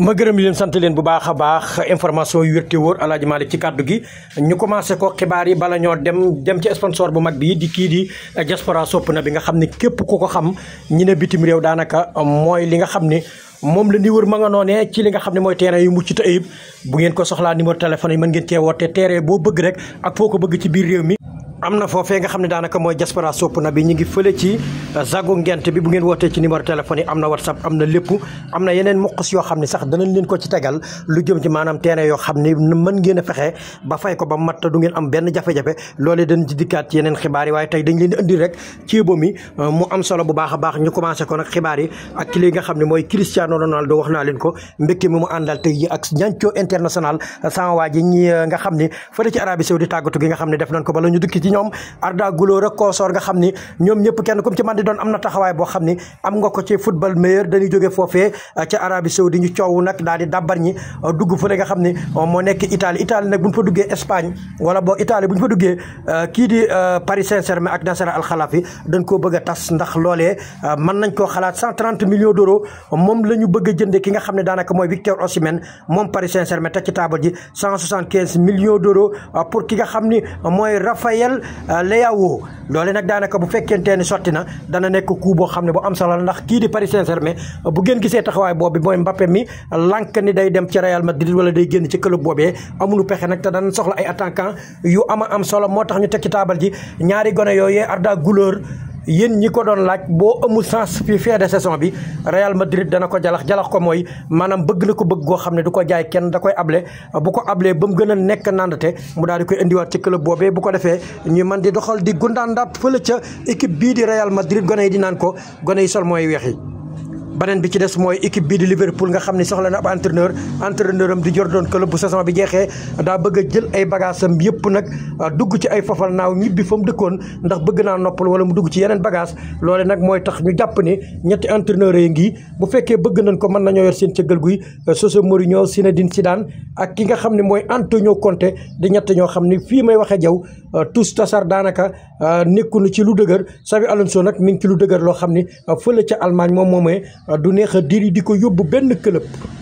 ma gërëm leen sant leen bu baax a baax information yu wérte wóor alaaji Malick ci kaddu gi ñu commencé ko xibaar yi bala ñoo dem dem ci sponsor bu mag bi di kii di diaspora sopp na bi nga xam ne képp ku ko xam ñi ne bitim réew daanaka mooy li nga xam ne moom la di wër ma nga noonee ci li nga xam ne mooy terrain yu mucc ayib bu ngeen ko soxlaa numéro téléphone yi mën ngeen cee te terrain boo bëgg rek ak foo ko bëgg ci biir réew mi am na foofee nga xam ne daanaka mooy diaspora sopp na bi ñu ngi fële ci euh, zago bi bu ngeen wootee ci numéro téléphone am na whatsapp am na lépp am na yeneen muqus yoo xam ne sax danañ leen ko ci tegal lu jëm ci maanaam terrain yoo xam ne mën ngeen a fexe ba fay ko ba matt du ngeen am benn jafe-jafe loolee dañ ci dikkaat ci yeneen xibaar yi waaye tey dañ leen indi rek ceebo mi euh, solo bu baax a baax ñu commencé ko nag xibaar yi ak nga xam ne mooy Cristiano Ronaldo wax naa leen ko mbégte mi mu àndal tey yi ak ñancoo international euh, sama waa nga xam ne fële ci Arabie Saoudite tàggatu gi ne def nañ ko bala ñu dukki ci ñoom Arda Guler ak consort nga xam ni ñoom ñëpp kenn comme ci man doon am na taxawaay boo xam ni am nga ko ci football meilleur dañuy jóge foofee uh, ca Arabie Saoudi ñu coow nag daal di dabbar ñi uh, dugg fële nga xam ni uh, moo nekk Italie Italie nag bu ñu fa duggee Espagne wala boo Italie bu ñu fa duggee kii di Paris Saint-Germain ak Nasser Al Khelaïfi dañ koo bëgg tas ndax loolee mën nañ koo xalaat 130 millions d'euros moom la ñu bëgg a jënde ki nga xam ne daanaka mooy Victor Osimhen moom Paris Saint-Germain teg ci taabal ji 175 millions d'euros pour ki nga xam ni mooy Raphaël jël euh, Léao loole nag daanaka bu fekkente ni sotti na dana nekk coup boo xam ne bu am solo ndax kii di Paris Saint-Germain bu ngeen gisee taxawaay boobu mooy mbappe mi lànk ni day dem ci Real Madrid wala day génn ci club boobee amuñu pexe nag te danañ soxla ay attaquant yu ama am solo moo tax ñu teg ci taabal ji ñaari gone yooyee Arda Güler yéen ñi ko doon laaj boo amul sens fi fin de saison bi Real Madrid dana ko jalax jalax ko mooy maanaam bëgg na ko bëgg goo xam ne du ko jaay kenn da koy able bu ko ablee ba mu gën a nekk nandate mu daal di koy indiwaat ci club boobee bu ko defee ñu man di doxal di gundaandaat fële ca équipe bii di Real Madrid gone yi di naan ko gone yi sol mooy weex yi beneen bi ci des mooy équipe bii di Liverpool nga xam ni soxla na ab entraîneur am di Jurgen Klopp bu saison bi jeexee daa bëgg a jël ay bagages yëpp nag ah, dugg ci ay fofal naaw ñibbi fa mu dëkkoon ndax bëgg naa noppal wala mu dugg ci yeneen bagage loole nag mooy tax ñu jàpp ne ñetti entraîneur yi ngi bu fekkee bëgg nañ ko mën nañoo yor seen cëggal guy ah, si ne Mourinho Zinedine daan ak ki nga xam ne mooy Antonio Conte di ñett ñoo xam ni fii may waxee jaw Euh, tous tasar daanaka euh, nekkuñu ci lu dëgër Xabi Alonso nag mi ngi ci lu dëgër loo xam ni euh, fële ca almaañ moom moomee du neex a diri di ko yóbbu benn club.